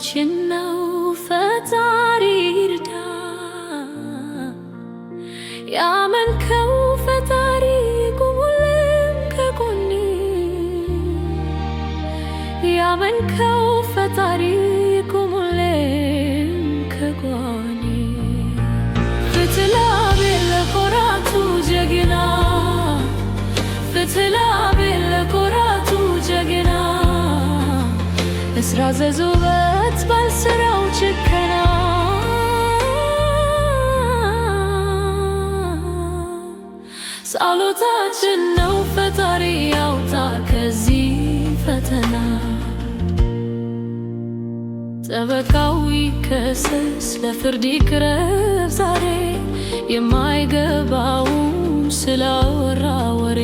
ልጆችን ነው ፈጣሪ ይርዳ። ያመንከው ፈጣሪ ቁሙልም ከጎኔ ያመንከው ፈጣሪ ቁሙልም ከጎኔ ጀግና ልከስስ ለፍርድ ይቅረብ ዛሬ የማይገባውን ስላወራ ወሬ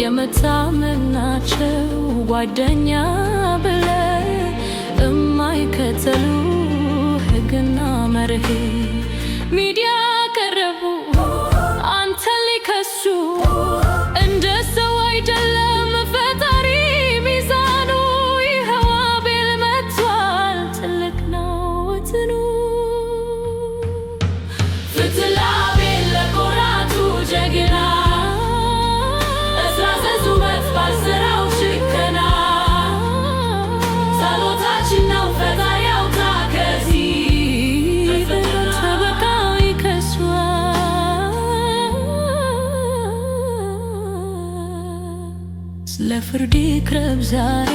የመታመናቸው ጓደኛ ብለ እማይከተሉ ህግና መርህ ሚዲያ ቀረቡ አንተ ሊከሱ ለፍርድ ይቅረብ ዛሬ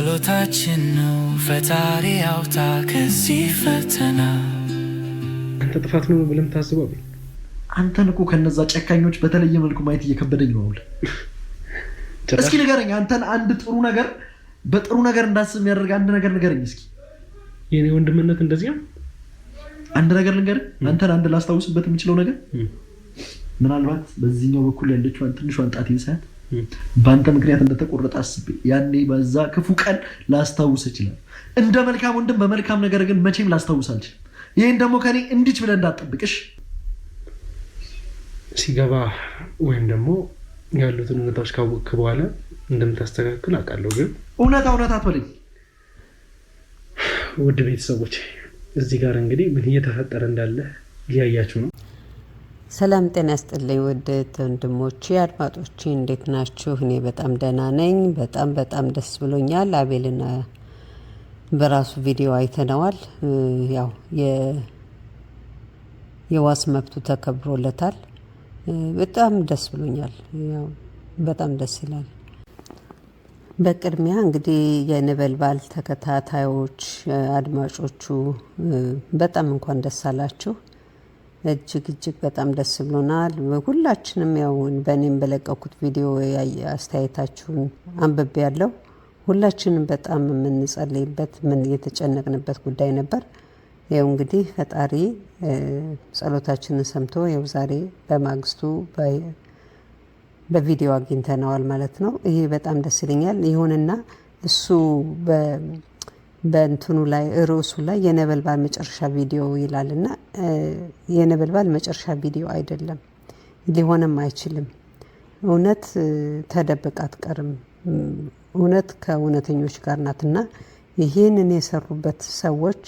ጸሎታችን ነው። ፈጣሪ አውጣ ከዚህ ፈተና። አንተ ጥፋት ነው ብለህ የምታስበው አንተን እኮ ከነዛ ጨካኞች በተለየ መልኩ ማየት እየከበደኝ ነው። አሁን እስኪ ንገረኝ፣ አንተን አንድ ጥሩ ነገር በጥሩ ነገር እንዳስብ የሚያደርግ አንድ ነገር ንገረኝ እስኪ። የኔ ወንድምነት እንደዚህ ነው። አንድ ነገር ንገረኝ፣ አንተን አንድ ላስታውስበት የምችለው ነገር ምናልባት በዚህኛው በኩል ያለችው ትንሿን ጣቴን ሳያት በአንተ ምክንያት እንደተቆረጠ አስቤ ያኔ በዛ ክፉ ቀን ላስታውስ እችላለሁ። እንደ መልካም ወንድም በመልካም ነገር ግን መቼም ላስታውስ አልችልም። ይህን ደግሞ ከኔ እንዲች ብለህ እንዳትጠብቅሽ። ሲገባ ወይም ደግሞ ያሉትን እውነታዎች ካወቅክ በኋላ እንደምታስተካክል አውቃለሁ። ግን እውነታ እውነት አትበለኝ። ውድ ቤተሰቦች እዚህ ጋር እንግዲህ ምን እየተፈጠረ እንዳለ እያያችሁ ነው። ሰላም ጤና ያስጥልኝ ውድ ወንድሞቼ አድማጮቼ እንዴት ናችሁ? እኔ በጣም ደህና ነኝ። በጣም በጣም ደስ ብሎኛል። አቤልና በራሱ ቪዲዮ አይተነዋል። ያው የዋስ መብቱ ተከብሮለታል። በጣም ደስ ብሎኛል። ያው በጣም ደስ ይላል። በቅድሚያ እንግዲህ የነበልባል ተከታታዮች አድማጮቹ በጣም እንኳን ደስ አላችሁ። እጅግ እጅግ በጣም ደስ ብሎናል። ሁላችንም ያው በእኔም በለቀኩት ቪዲዮ አስተያየታችሁን አንብቤ ያለው ሁላችንም በጣም የምንጸልይበት ምን የተጨነቅንበት ጉዳይ ነበር። ያው እንግዲህ ፈጣሪ ጸሎታችንን ሰምቶ ያው ዛሬ በማግስቱ በቪዲዮ አግኝተነዋል ማለት ነው። ይሄ በጣም ደስ ይለኛል። ይሁንና እሱ በእንትኑ ላይ ርዕሱ ላይ የነበልባል መጨረሻ ቪዲዮ ይላል እና የነበልባል መጨረሻ ቪዲዮ አይደለም፣ ሊሆንም አይችልም። እውነት ተደብቃ አትቀርም። እውነት ከእውነተኞች ጋር ናት እና ይህንን የሰሩበት ሰዎች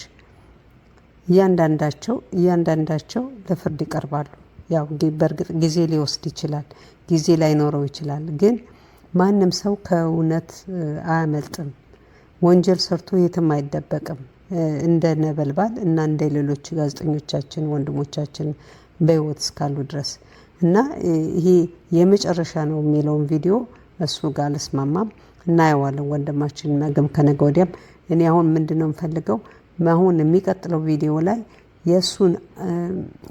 እያንዳንዳቸው እያንዳንዳቸው ለፍርድ ይቀርባሉ። ያው በእርግጥ ጊዜ ሊወስድ ይችላል፣ ጊዜ ላይኖረው ይችላል። ግን ማንም ሰው ከእውነት አያመልጥም። ወንጀል ሰርቶ የትም አይደበቅም። እንደ ነበልባል እና እንደ ሌሎች ጋዜጠኞቻችን ወንድሞቻችን በህይወት እስካሉ ድረስ እና ይሄ የመጨረሻ ነው የሚለውን ቪዲዮ እሱ ጋር አልስማማም። እናየዋለን። ወንድማችን ነገም ከነገ ወዲያም እኔ አሁን ምንድን ነው የምፈልገው አሁን የሚቀጥለው ቪዲዮ ላይ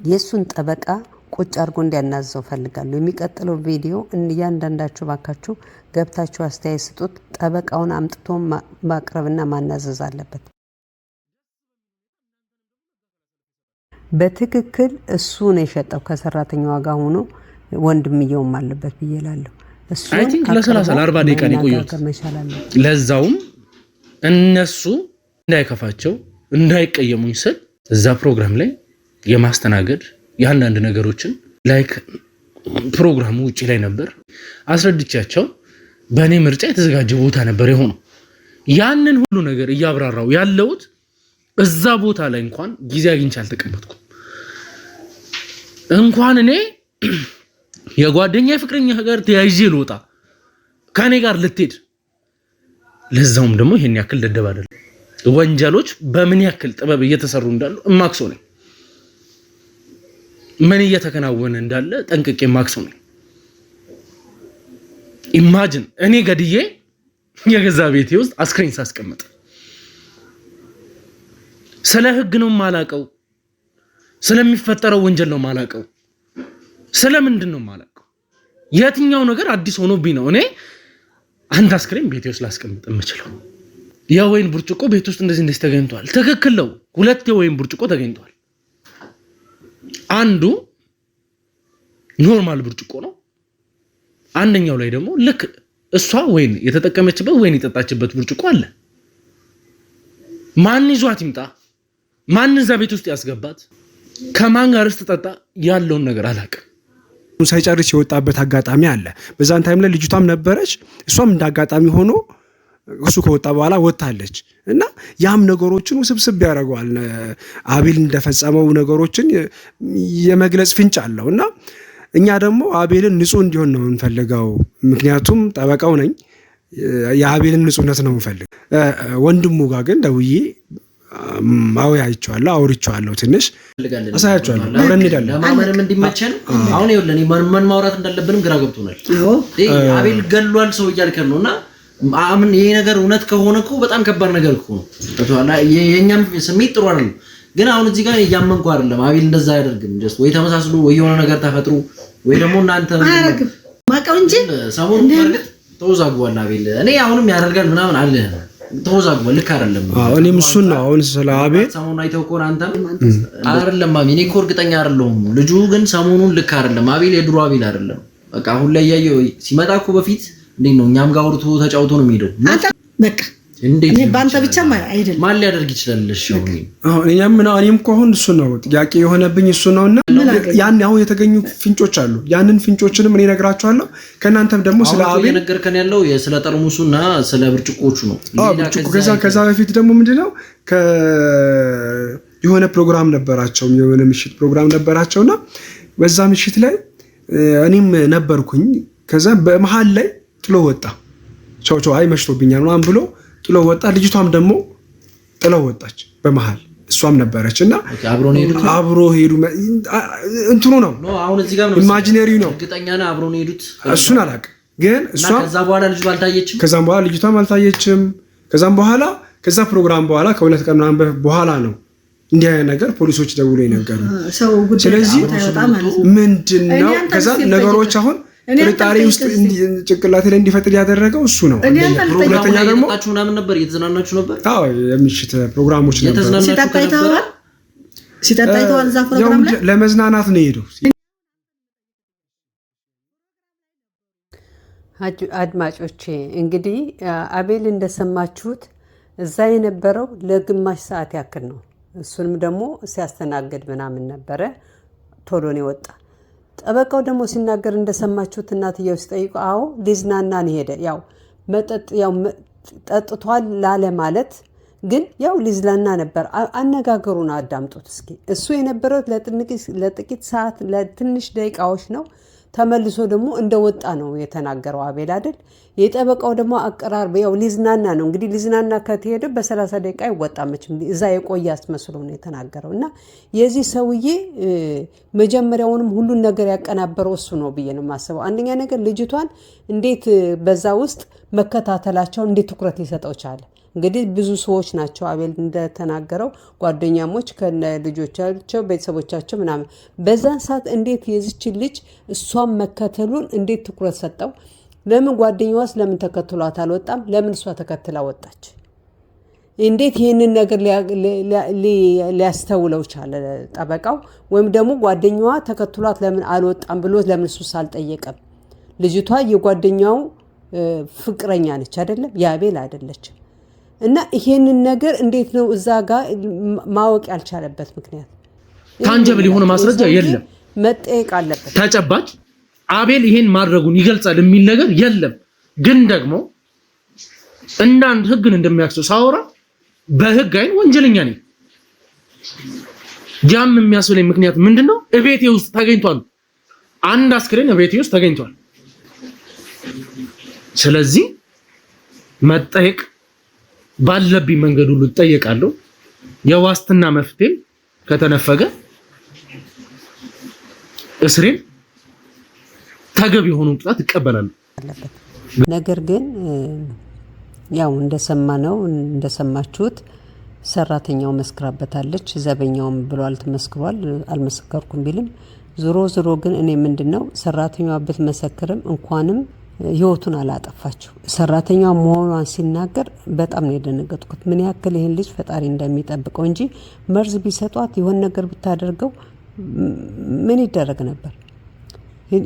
የእሱን ጠበቃ ቁጭ አድርጎ እንዲያናዘው ፈልጋሉ የሚቀጥለው ቪዲዮ እያንዳንዳችሁ ባካችሁ ገብታችሁ አስተያየት ስጡት። ጠበቃውን አምጥቶ ማቅረብና ማናዘዝ አለበት። በትክክል እሱ ነው የሸጠው ከሰራተኛዋ ጋር ሆኖ ወንድምየውም አለበት ብዬ እላለሁ። ለሰላሳ ደቂቃ ለዛውም እነሱ እንዳይከፋቸው እንዳይቀየሙኝ ስል እዛ ፕሮግራም ላይ የማስተናገድ የአንዳንድ ነገሮችን ላይክ ፕሮግራሙ ውጭ ላይ ነበር አስረድቻቸው። በእኔ ምርጫ የተዘጋጀ ቦታ ነበር የሆነው። ያንን ሁሉ ነገር እያብራራው ያለውት እዛ ቦታ ላይ እንኳን ጊዜ አግኝቼ አልተቀመጥኩም። እንኳን እኔ የጓደኛ የፍቅረኛ ጋር ተያይዤ ልወጣ ከኔ ጋር ልትሄድ ለዛውም ደግሞ ይሄን ያክል ደደብ አይደለም። ወንጀሎች በምን ያክል ጥበብ እየተሰሩ እንዳሉ እማክሶ ነኝ። ምን እየተከናወነ እንዳለ ጠንቅቄ ማክሰው ነው። ኢማጅን እኔ ገድዬ የገዛ ቤቴ ውስጥ አስክሬን ሳስቀምጥ ስለ ህግ ነው ማላቀው፣ ስለሚፈጠረው ወንጀል ነው ማላቀው፣ ስለምንድን ነው ማላቀው። የትኛው ነገር አዲስ ሆኖብኝ ነው እኔ አንድ አስክሬን ቤቴ ውስጥ ላስቀምጥ የምችለው? የወይን ብርጭቆ ቤት ውስጥ እንደዚህ እንደዚህ ተገኝቷል። ትክክል ነው። ሁለት የወይን ብርጭቆ ተገኝቷል። አንዱ ኖርማል ብርጭቆ ነው። አንደኛው ላይ ደግሞ ልክ እሷ ወይን የተጠቀመችበት ወይን የጠጣችበት ብርጭቆ አለ። ማን ይዟት ይምጣ? ማን እዛ ቤት ውስጥ ያስገባት? ከማን ጋር ስትጠጣ ያለውን ነገር አላውቅም። ሳይጨርስ የወጣበት አጋጣሚ አለ። በዛን ታይም ላይ ልጅቷም ነበረች፣ እሷም እንደ አጋጣሚ ሆኖ እሱ ከወጣ በኋላ ወጥታለች እና ያም ነገሮችን ውስብስብ ያደርገዋል። አቤል እንደፈጸመው ነገሮችን የመግለጽ ፍንጭ አለው እና እኛ ደግሞ አቤልን ንጹህ እንዲሆን ነው የምንፈልገው። ምክንያቱም ጠበቃው ነኝ። የአቤልን ንጹህነት ነው የምንፈልግ። ወንድሙ ጋር ግን ደውዬ ማዊ ማወያይቸዋለሁ፣ አውርቸዋለሁ፣ ትንሽ አሳያቸዋለሁ። አብረን እንሄዳለን ለማመንም እንዲመቸን። አሁን ይኸውልህ ማን ማውራት እንዳለብንም ግራ ገብቶናል። አቤል ገሏል ሰው እያልከን ነው እና አምን ይሄ ነገር እውነት ከሆነ እኮ በጣም ከባድ ነገር እኮ ነው። የእኛም ስሜት ጥሩ አይደለም። ግን አሁን እዚህ ጋር እያመንኩ አይደለም። አቤል እንደዛ አያደርግም። ጀስት ወይ ተመሳስሉ ወይ የሆነ ነገር ተፈጥሮ ወይ ደግሞ እናንተ ማቀው እንጂ ሰሞኑን ተወዛግቧል አቤል። እኔ አሁንም ያደርጋል ምናምን አለ ተወዛግቧል። ልክ አይደለም። አዎ እኔም እሱን ነው አሁን ስለ አቤል ሰሞኑን አይተው እኮ አንተም አይደለም ማሚ፣ እኔ እኮ እርግጠኛ አይደለሁም። ልጁ ግን ሰሞኑን ልክ አይደለም አቤል፣ የድሮ አቤል አይደለም። በቃ አሁን ላይ እያየሁ ሲመጣ እኮ በፊት እንዴት ነው? እኛም ጋር አውርቶ ተጫውቶ ነው የሚሄደው። በቃ በአንተ ብቻ አይደለም ማን ሊያደርግ ይችላል? እኛም እኔም እኮ አሁን እሱ ነው ጥያቄ የሆነብኝ እሱ ነው። እና ያን አሁን የተገኙ ፍንጮች አሉ። ያንን ፍንጮችንም እኔ እነግራቸዋለሁ። ከእናንተም ደግሞ ስለ አቤል ነገርከን ያለው ስለ ጠርሙሱ እና ስለ ብርጭቆቹ ነው። ብርጭቆ ከዛ በፊት ደግሞ ምንድነው የሆነ ፕሮግራም ነበራቸው፣ የሆነ ምሽት ፕሮግራም ነበራቸውና በዛ ምሽት ላይ እኔም ነበርኩኝ። ከዛ በመሀል ላይ ጥሎ ወጣ። ቻው አይ መሽቶብኛል ምናምን ብሎ ጥሎ ወጣ። ልጅቷም ደግሞ ጥለው ወጣች በመሃል እሷም ነበረች እና አብሮ ሄዱ። እንትኑ ነው ኢማጂነሪ ነው እሱን አላውቅም፣ ግን ከዛም በኋላ ልጅቷም አልታየችም። ከዛም በኋላ ከዛ ፕሮግራም በኋላ ከሁለት ቀን ምናምን በኋላ ነው እንዲህ አይነት ነገር ፖሊሶች ደውሎ ይነገሩ። ስለዚህ ምንድን ነው ከዛ ነገሮች አሁን ጥርጣሬ ውስጥ ጭንቅላት ላይ እንዲፈጥር ያደረገው እሱ ነው። ሁለተኛ ደግሞ ምናምን ነበር እየተዝናናችሁ ነበር። አዎ የምሽት ፕሮግራሞች ነበር። ለመዝናናት ነው የሄደው። አድማጮቼ እንግዲህ አቤል እንደሰማችሁት እዛ የነበረው ለግማሽ ሰዓት ያክል ነው። እሱንም ደግሞ ሲያስተናግድ ምናምን ነበረ። ቶሎን ነው የወጣ ጠበቃው ደግሞ ሲናገር እንደሰማችሁት እናትየው ሲጠይቁ፣ አዎ ሊዝናና ነው ሄደ። ያው መጠጥ ያው ጠጥቷል ላለ ማለት ግን ያው ሊዝናና ነበር። አነጋገሩን አዳምጡት እስኪ። እሱ የነበረው ለጥቂት ሰዓት ለትንሽ ደቂቃዎች ነው። ተመልሶ ደግሞ እንደወጣ ነው የተናገረው አቤል አይደል። የጠበቃው ደግሞ አቀራርብ ያው ሊዝናና ነው እንግዲህ ሊዝናና ከተሄደ በሰላሳ ደቂቃ አይወጣመችም እዛ የቆየ አስመስሎ ነው የተናገረው። እና የዚህ ሰውዬ መጀመሪያውንም ሁሉን ነገር ያቀናበረው እሱ ነው ብዬ ነው የማስበው። አንደኛ ነገር ልጅቷን እንዴት በዛ ውስጥ መከታተላቸው እንዴት ትኩረት ሊሰጠው ቻለ? እንግዲህ ብዙ ሰዎች ናቸው። አቤል እንደተናገረው ጓደኛሞች ከነ ልጆቻቸው ቤተሰቦቻቸው ምናምን በዛን ሰዓት እንዴት የዚችን ልጅ እሷን መከተሉን እንዴት ትኩረት ሰጠው? ለምን ጓደኛዋስ ለምን ተከትሏት አልወጣም? ለምን እሷ ተከትላ ወጣች? እንዴት ይህንን ነገር ሊያስተውለው ቻለ ጠበቃው? ወይም ደግሞ ጓደኛዋ ተከትሏት ለምን አልወጣም ብሎ ለምን እሱስ አልጠየቀም? ልጅቷ የጓደኛው ፍቅረኛ ነች አይደለም? የአቤል አይደለችም። እና ይሄንን ነገር እንዴት ነው እዛ ጋር ማወቅ ያልቻለበት ምክንያት? ታንጀብል የሆነ ማስረጃ የለም፣ መጠየቅ አለበት። ተጨባጭ አቤል ይሄን ማድረጉን ይገልጻል የሚል ነገር የለም። ግን ደግሞ እንዳንድ ህግን እንደሚያክሰው ሳወራ በህግ አይን ወንጀለኛ ነኝ። ያም የሚያስብለኝ ምክንያት ምንድን ነው? እቤቴ ውስጥ ተገኝቷል። አንድ አስክሬን እቤቴ ውስጥ ተገኝቷል። ስለዚህ መጠየቅ ባለብኝ መንገድ ሁሉ እጠየቃለሁ። የዋስትና መፍትሄ ከተነፈገ እስሬን ተገቢ የሆኑ ቅጣት ይቀበላሉ። ነገር ግን ያው እንደሰማነው እንደሰማችሁት ሰራተኛው መስክራበታለች፣ ዘበኛውም ብሏል ተመስክሯል። አልመሰከርኩም ቢልም ዞሮ ዞሮ ግን እኔ ምንድን ነው ሰራተኛዋ ብትመሰክርም እንኳንም ህይወቱን አላጠፋችው። ሰራተኛዋ መሆኗን ሲናገር በጣም ነው የደነገጥኩት። ምን ያክል ይህን ልጅ ፈጣሪ እንደሚጠብቀው እንጂ መርዝ ቢሰጧት የሆን ነገር ብታደርገው ምን ይደረግ ነበር?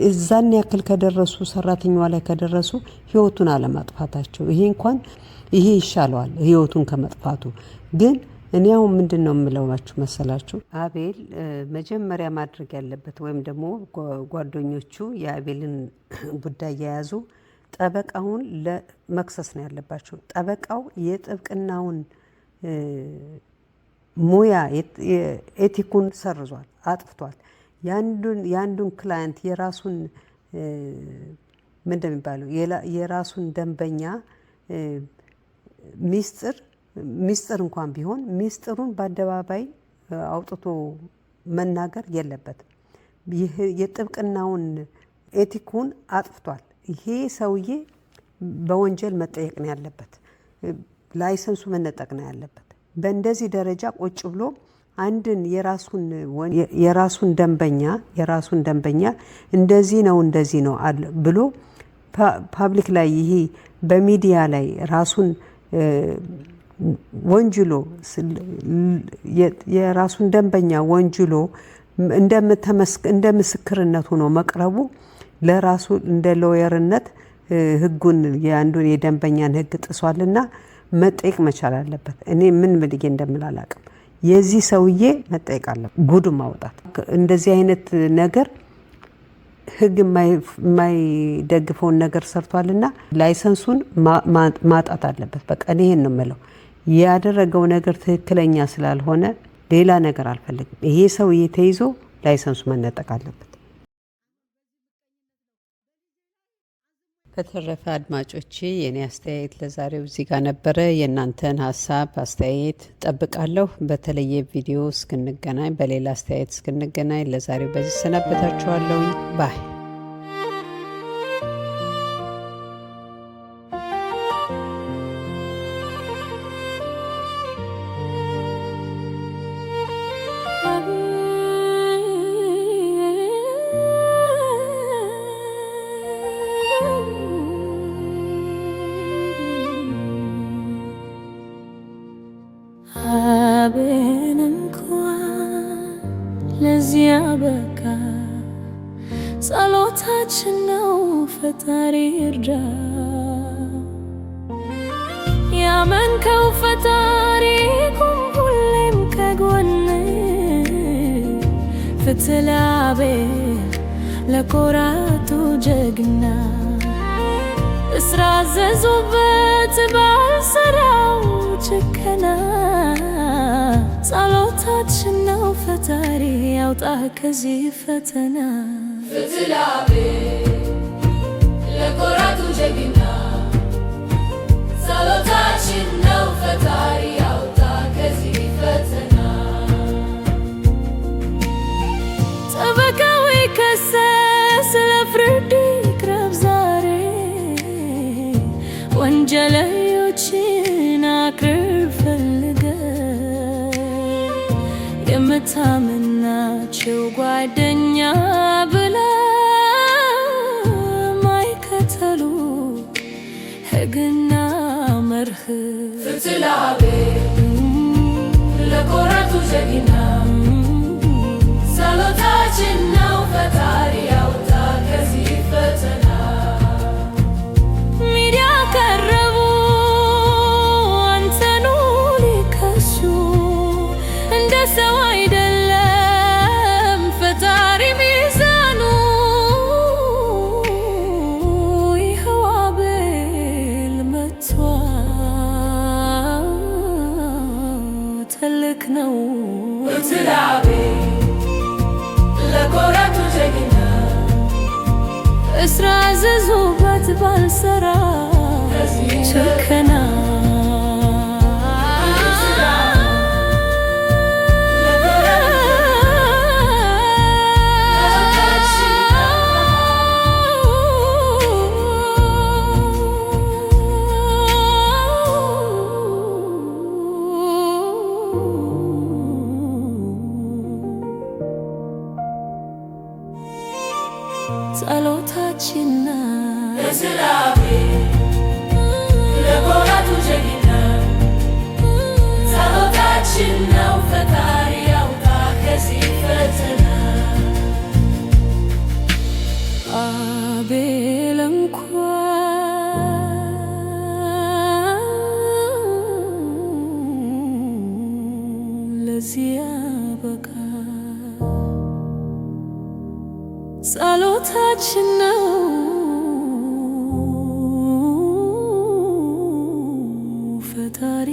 እዛን ያክል ከደረሱ ሰራተኛዋ ላይ ከደረሱ ህይወቱን አለማጥፋታቸው ይሄ እንኳን ይሄ ይሻለዋል ህይወቱን ከመጥፋቱ ግን እኔ አሁን ምንድን ነው የምለውላችሁ መሰላችሁ፣ አቤል መጀመሪያ ማድረግ ያለበት ወይም ደግሞ ጓደኞቹ የአቤልን ጉዳይ የያዙ ጠበቃውን ለመክሰስ ነው ያለባቸው። ጠበቃው የጥብቅናውን ሙያ ኤቲኩን ሰርዟል፣ አጥፍቷል። የአንዱን ክላየንት የራሱን ምንድን የራሱን ደንበኛ ሚስጥር ሚስጥር እንኳን ቢሆን ሚስጥሩን በአደባባይ አውጥቶ መናገር የለበትም። የጥብቅናውን ኤቲኩን አጥፍቷል። ይሄ ሰውዬ በወንጀል መጠየቅ ነው ያለበት። ላይሰንሱ መነጠቅ ነው ያለበት። በእንደዚህ ደረጃ ቁጭ ብሎ አንድን የራሱን የራሱን ደንበኛ የራሱን ደንበኛ እንደዚህ ነው እንደዚህ ነው ብሎ ፓብሊክ ላይ ይሄ በሚዲያ ላይ ራሱን ወንጅሎ የራሱን ደንበኛ ወንጅሎ እንደ ምስክርነት ሆኖ መቅረቡ ለራሱ እንደ ሎየርነት ህጉን የአንዱን የደንበኛን ህግ ጥሷልና መጠየቅ መቻል አለበት። እኔ ምን ምልጌ እንደምላላቅም የዚህ ሰውዬ መጠየቅ አለ። ጉድ ማውጣት። እንደዚህ አይነት ነገር ህግ የማይደግፈውን ነገር ሰርቷልና ላይሰንሱን ማጣት አለበት። በቃ እኔ ይሄን ነው የምለው። ያደረገው ነገር ትክክለኛ ስላልሆነ ሌላ ነገር አልፈልግም። ይሄ ሰውዬ ተይዞ ላይሰንሱ መነጠቅ አለበት። በተረፈ አድማጮች የኔ አስተያየት ለዛሬው እዚህ ጋር ነበረ። የእናንተን ሀሳብ አስተያየት ጠብቃለሁ። በተለየ ቪዲዮ እስክንገናኝ፣ በሌላ አስተያየት እስክንገናኝ ለዛሬው በዚህ ሰናበታችኋለሁኝ ባይ ክትላቤ ለኮራቱ ጀግና እስራ አዘዙበት ባልሰራው ችከና ጸሎታችን ነው ፈጣሪ ያውጣ ከዚህ ፈተና ክትላቤ ለኮራቱ ጀግና ጸሎታችን ነው ፈጣሪ ያውጣህ ከዚህ ፈተና ሰበካዊ ከሰ ስለ ፍርድ ዛሬ አቅርብ ፈልገ የምታምናቸው ጓደኛ ብለ ማይከተሉ ሕግና መርህ ፍትላቤ ለቆረጡ ዘግና Charlotte ታዘዙበት ባልሰራ ችከና ጸሎታችን ናት። ለኮራቱ ጀግና ጸሎታችን ነው ፈጣሪ ጌታችን ነው። ፈጣሪ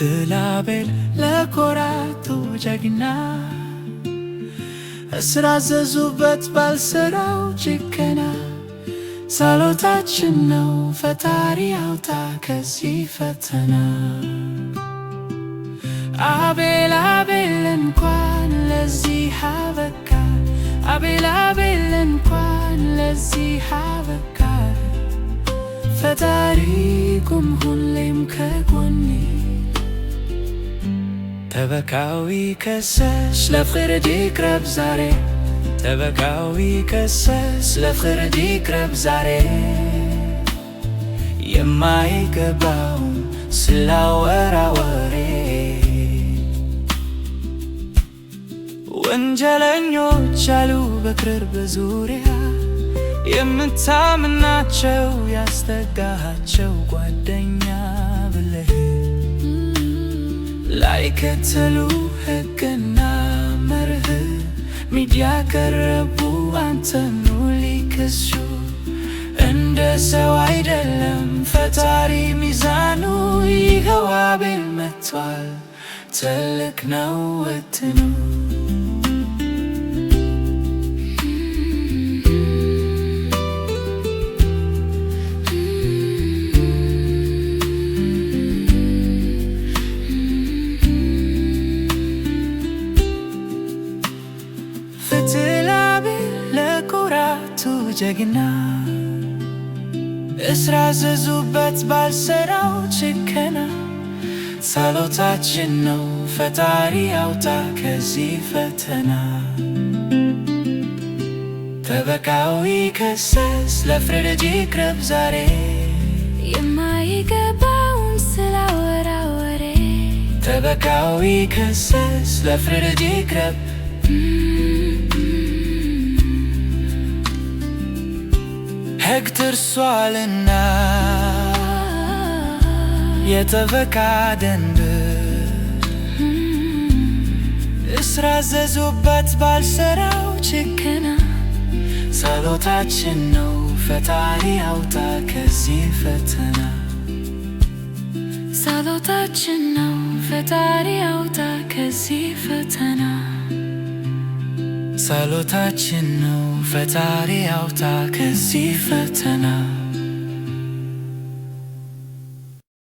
ስለ ለኮራቱ ጀግና እስራዘዙበት ባልሰራው ጭከና ሳሎታችን ነው ፈጣሪ አውጣ ከዚህ ፈተና። አቤል አቤል እንኳን ለዚህ አበቃ፣ አቤል አቤል እንኳን ለዚህ አበቃ። ፈጣሪ ቁም ሁሌም ከጎኔ ተበካዊ ከሰስ ለፍቅርድ ይቅረብ ዛሬ ተበካዊ ከሰስ ለፍቅርድ ይቅረብ ዛሬ የማይገባውን ስላወራ ወሬ ወንጀለኞች አሉ በክርር በዙሪያ የምታምናቸው ያስተጋሃቸው ጓደኛ ላይከተሉ ህግና መርህ ሚዲያ ቀረቡ አንተኑ ሊከሱ እንደ ሰው አይደለም ፈጣሪ ሚዛኑ ይኸው አቤል መጥቷል። ትልቅ ነው ወጥኑ ጀግና እስራዘዙበት ዘዙበት ባልሰራው ችከና ጸሎታችን ነው ፈጣሪ አውጣ ከዚህ ፈተና። ጠበቃው ከሰስ ለፍርድ ይቅረብ ዛሬ የማይገባውን ስላወራ ወሬ ጠበቃው ከሰስ ለፍርድ ይቅረብ ጥግ ደርሷልና የተበካ ደንብ እስራ ዘዞበት ባልሰራው ችከና ጸሎታችን ነው ፈጣሪ አውጣ ከዚህ ፈተና ጸሎታችን ነው ፈጣሪ አውጣ ከዚህ ፈተና ጸሎታችን ነው ፈጣሪ ያውጣ ከዚህ ፈተና